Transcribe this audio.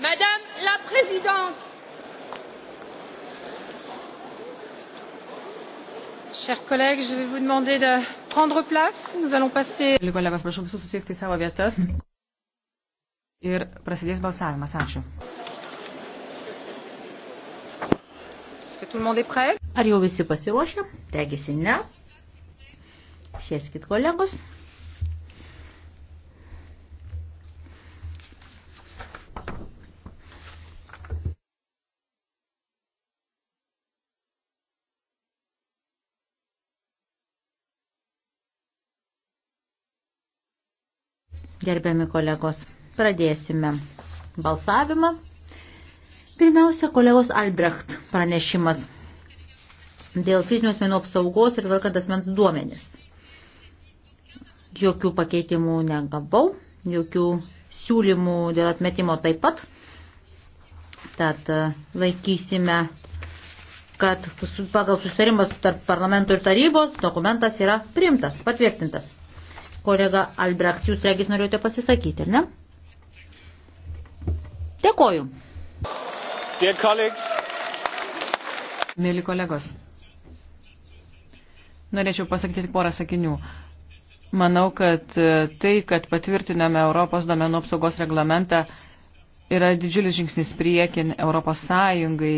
Madame la Présidente, chers collègues, je vais vous demander de prendre place. Nous allons passer. Kolegos, prašau visus susėsti į savo vietas ir prasidės balsavimas. Ačiū. Ar jau visi pasiruošę? Regisi ne. Sėskit kolegos. Gerbiami kolegos, pradėsime balsavimą. Pirmiausia, kolegos Albrecht pranešimas dėl fizinių asmenų apsaugos ir tvarkant asmens duomenis. Jokių pakeitimų negavau, jokių siūlymų dėl atmetimo taip pat. Tad e, laikysime kad pagal susitarimas tarp parlamento ir tarybos dokumentas yra priimtas, patvirtintas. Kolega Albrecht, jūs regis norėjote pasisakyti, ne? Dėkoju. Mėly kolegos, norėčiau pasakyti tik porą sakinių. Manau, kad e, tai, kad patvirtiname Europos domenų apsaugos reglamentą, yra didžiulis žingsnis priekin Europos Sąjungai.